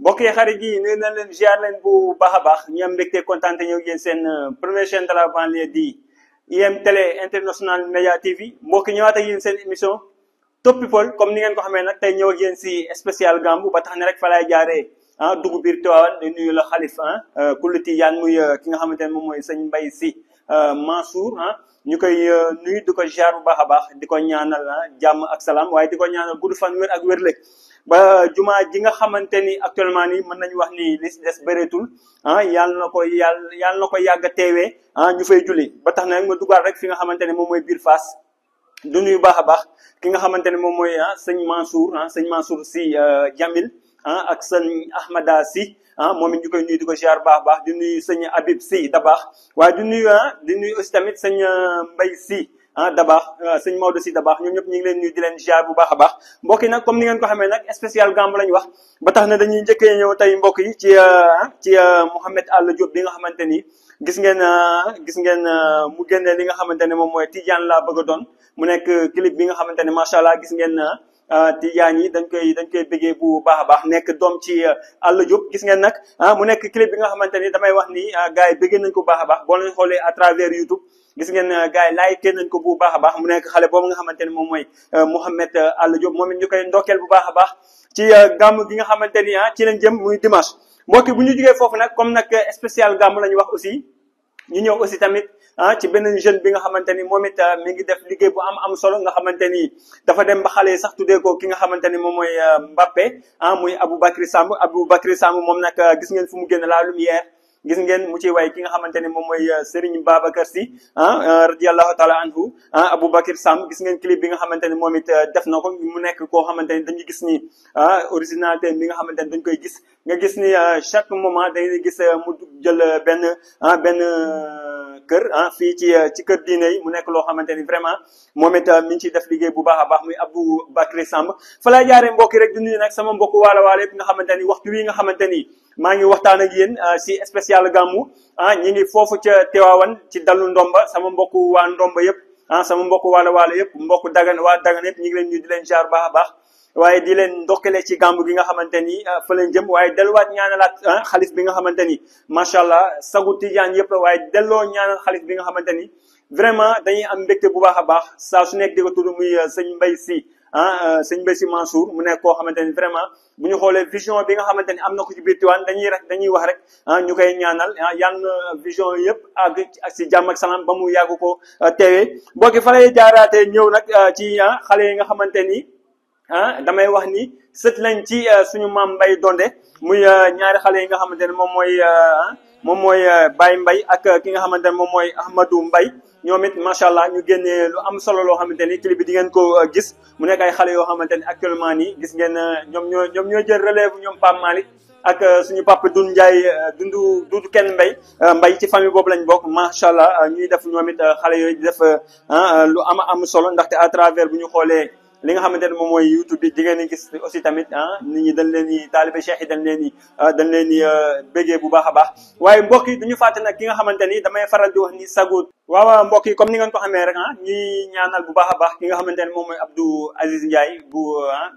bokki yi xarit yi nee na leen ziar leen bu baax a baax ñu am mbégte kontaan te ñëw yéen seen euh, première chaîne de la banlieue di IM télé international media TV mbokk yi ñëwaat ak yéen seen émission Top People comme ni ngeen ko xamee nag tey ñëw ak yéen si spécial Gambu ba tax ne rek fa lay jaaree ah dugg biir Tiwaawan di nuyu la xalif ah euh, kuliti yaan muy euh, ki nga xamante ne moom mooy sëñ Mbaye si Mansour ah ñu koy nuyu di ko ziar bu baax a baax di ko ñaanal ah jàmm ak salaam waaye di ko ñaanal gudd fan wér ak wér-léeg. ba jumaa ji nga xamante ni actuellement nii mën nañu wax ni li si des bëreetul ah, na ko yàlla yàlla na yàgg a teewee ah ñu fay julli ba tax na rek ma dugaat rek fi nga xamante ne moom mooy biir Fass du nuyu baax a baax ki nga xamante ne moom mooy ah sëñ Mansour ah sëñ Mansour si euh, Jamil ah ak sëñ Ahmada si ah moom it ñu di ko ziar baax baax di nuy sëñ Habib si da baax waaye di nuyu ah di nuyu aussi tamit sëñ euh, Mbay si. ah dabax ah, seigne maodou si dabax ñom ñep ñi ngi leen nuy di leen ziar bu baaxa baax mbokk nak comme ni ngeen ko xamé nak spécial ah, gamb lañ wax ba tax na dañuy jëkke ñew tay mbokk yi ci ci mohammed allah diop bi nga xamanteni gis ngeen gis ngeen mu gënne li nga xamanteni mom moy tidiane la bëgg doon mu nek clip bi nga xamanteni ma sha Allah gis ngeen tidiane yi dañ koy dañ koy bëggee bu baaxa baax nek doom ci allah diop gis ngeen nak mu nek clip bi nga xamanteni damay wax ni ah, gaay bëggee nañ ko baaxa baax bo leen xolé à travers youtube gis ngeen euh, gars yi laay teen nañ ko bu baax a baax mu nekk xale boobu nga xamante ne moom mooy euh, Mouhamed euh, Alla Diop moom it ñu koy ndokkeel bu baax a baax ci gàmm gi nga xamante ni ah ci lañ jëm muy dimanche mbokk bu ñu jógee foofu nag comme nag spécial gàmm la ñu wax aussi ñu ñëw aussi tamit ah ci beneen jeune bi nga xamante ni moom it mi ngi def liggéey bu am am solo nga xamante ni dafa dem ba xale sax tuddee ko ki nga xamante ni moom mooy Mbappé ah muy Aboubacry Samb Aboubacry Samb moom nag gis ngeen fu mu génn la lumière gis ngeen mu ciy way ki nga xamante ne moom mooy euh, Serigne Babacar si ah euh, radiallahu taala anhu ah Aboubacar Sam gis ngeen clip bi nga xamante ne moom it euh, def na ko mu nekk koo xamante ne dañuy gis ni ah originalité bi nga xamante ne dañ koy gis nga gis ni euh, chaque moment dañuy gis euh, mu jël euh, benn ah benn kër ah fii ci ci kër diine yi mu nekk loo xamante ni vraiment moom mi ngi ciy def liggéey bu baax a baax muy Abdou Bakri Samb fa laa jaaree mbokki rek di nuyu nag sama mbokk waalo waala yëpp nga xamante ni waxtu wi nga xamante ni maa ngi waxtaan ak yéen si spécial gàmmu ah ñi ngi foofu ca Teewaawan ci dalu ndomba sama mbokk waa ndomba yëpp ah sama mbokk waala waala yëpp mbokk dagan waa dagan yëpp ñi ngi leen ñu di leen jaar baax a baax waaye di leen ndokkale ci gàmmu gi nga xamante ni euh, fa leen jëm waaye delluwaat ñaanalaat xalif bi nga xamante ni macha allah sagu tijaan yëpp waaye delloo ñaanal xalif bi nga xamante ni vraiment dañuy am mbégte bu baax a baax saa su nekk di ko tudd muy euh, sëñ Mbaye Sy ah sëñ Mbaye Sy mu nekk koo xamante ni vraiment bu ñu xoolee vision bi nga xamante ni am na ko ci biir dañuy rek dañuy wax rek ñu koy ñaanal ah yan vision yëpp ak si jàmm ak salaam ba mu yàgg ko teewee boo yi fa lay jaaraatee ñëw nag ci xale yi nga xamante ni. ah damay wax ni sët lañ ci euh, suñu maam Mbay Donde muy euh, ñaari xale yi nga xamante ne moom mooy euh, ah, moom mooy Baye Mbay ak ki nga xamante ne moom mooy Ahmadou Mbay ñoom it macha allah ñu génnee lu am solo loo xamante ni clip di ngeen ko gis mu nekk ay xale yoo xamante ni actuellement nii gis ngeen ñoom ñoo ñoom ñoo jël relève ñoom Pape ak suñu papa Doudou Ndiaye dundu dundu kenn mbay mbay ci famille boobu lañ bokk macha allah ñuy def ñoom it xale yooyu di def ah, lu am am solo ndaxte à travers bu ñu xoolee. li nga xamante ne moom youtube bi di ngeen gis aussi tamit ah nit ñi dañ leen di taalibe cheikh yi dañ leen di dañ leen di bégee bu baax a ha? baax. waaye mbokk yi duñu fàttali nag ki nga xamante ni faral di wax ni sagut. waaw waaw mbokk yi comme ni ngeen ko xamee rek ah ñi ñaanal bu baax baax ki nga xamante ne moom Abdou Aziz Ndiaye bu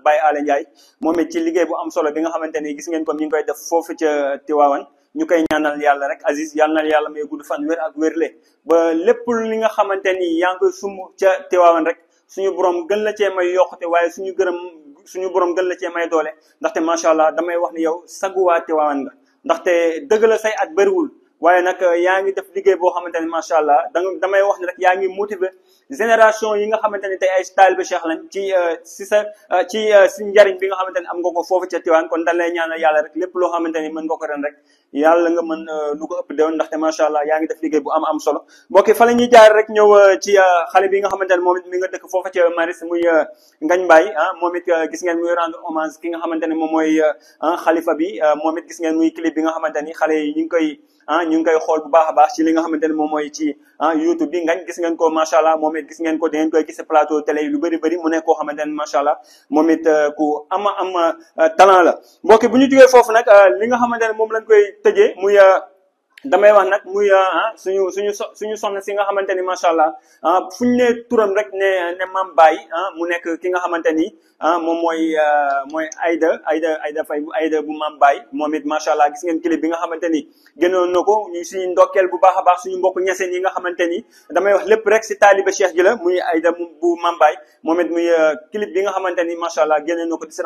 Baye Alain Ndiaye moom it ci liggéey bu am solo bi nga xamante ni gis ngeen ko ñu ngi koy def foofu ca Tivaouane. ñu koy ñaanal yàlla rek Aziz yàlla na yàlla may gudd fan wér ak wér le ba lépp li nga xamante ni yaa ngi koy rek. suñu borom gën la cee may yokkute waaye suñu gërëm suñu borom gën la cee may doole ndaxte macha allah damay wax ni yow saguwaa Tiwaawan nga ndaxte dëgg la say at bëriwul waaye nag euh, yaa ngi def liggéey boo xamante ne macha allah da damay wax ne rek yaa ngi motiver génération yi nga xamante ne tey ay bi Cheikh lañ ci euh, si sa euh, ci si njariñ bi nga xamante ne am nga ko foofu ca Tiwaawan kon dañ lay ñaanal yàlla rek lépp loo xamante ne mën nga ko ren rek yàlla nga mën eh, nu ko ëpp deewoon ndaxte macha allah yaa ngi def liggéey bu am am solo mbokk fa la ñuy jaar rek ñëw eh, ci eh, xale bi nga xamante ne moom it mi nga dëkk foofa ci maris muy ngañ mbaay ah moom it gis ngeen muy rendre hommage ki nga xamante ne moom mooy ah, bi moom gis ngeen muy clip bi nga xamante xale yi ñu koy ah ñu ngay xol bu baax baax ci li nga xamantene mom moy ci ah youtube bi ngañ gis ngeen ko machallah momit gis ngeen ko de ngeen koy gis plateau télé lu bari bari mu ne ko xamantene machallah momit ku ama ama ah, talent la mbokk bu ñu joggé fofu nak ah, li nga xamantene mom lañ koy tejé muy damay wax nag muy ah, ah, suñu suñu so suñu soxna si nga xamante ni macha allah ah, fu ñu nee turam rek ne ne maam Baye mu nekk ki nga xamante ni moom mooy mooy Aida Aida Aida Faye bu Aida bu moom it macha allah gis ngeen bi nga xamante ni génnoon na ko ñu suñu ndokkeel baax a baax suñu mbokk ñeseen yi nga xamante ni damay wax lépp rek si taaliba Cheikh ji la muy Aida bu maam Baye moom it muy clip bi nga ni macha allah génnoon na ko di si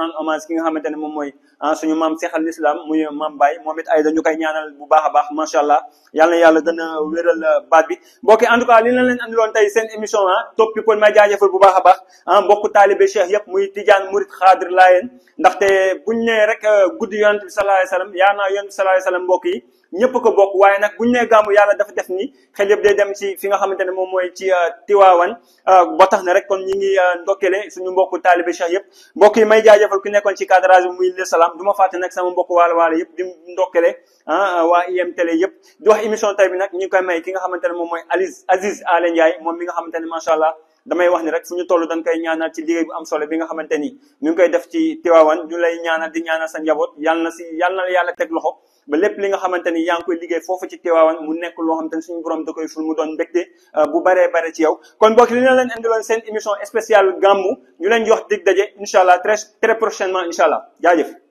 nga xamante ni moom mooy suñu maam Cheikh al Islam moom it Aida ñu koy ñaanal bu baax a baax macha allah yàlla na yàlla dana wéral euh, baat bi mbokk en tout cas li na leen andiloon tey seen émission ah Top People may jaajëfal bu baax a baax ah, mbokk mbokku taalibe cheikh yëpp muy tijaan murit xaadir laayeen ndaxte buñ ne rek euh, guddi yonent bi sallallahu alayhi wasallam yaa naa yonent bi sallallahu alayhi wasallam mbokk yi ñëpp ko bokk waaye nag buñu nee gàmmu yàlla dafa def ni xel yëpp day dem ci fi nga xamante ne moom mooy ci euh, Tiwaawan euh, ba tax na rek kon ñi ngi euh, ndokkele suñu mbokk taalibe sax yëpp mbokk yi may jaajëfal ku nekkoon ci cadrage bi muy le salaam du ma fàtte nag sama mbokk waalo waalo yëpp di ndokkele ah waa IM télé yëpp di wax émission tay bi nag ñu ngi may ki nga xamante ne moom mooy Aliz Aziz moom mi nga xamante ne macha allah damay wax ni rek fu ñu toll dañ koy ñaanal ci liggéey bu am solo bi nga xamante ni ñu ngi koy def ci Tiwaawan ñu lay ñaanal di ñaanal sa njaboot yàlla na si yàlla yàlla teg loxo lépp li nga xamante ni yaa ngi koy liggéey foofu ci Tiwaawan mu nekk loo xamante ni suñu borom da koy ful mu doon mbégte euh, bu baree bare ci yow kon bokk li na leen indiloon seen émission spéciale gàmmu ñu leen jox dig daje incha allah tres très prochainement incha allah jaajëf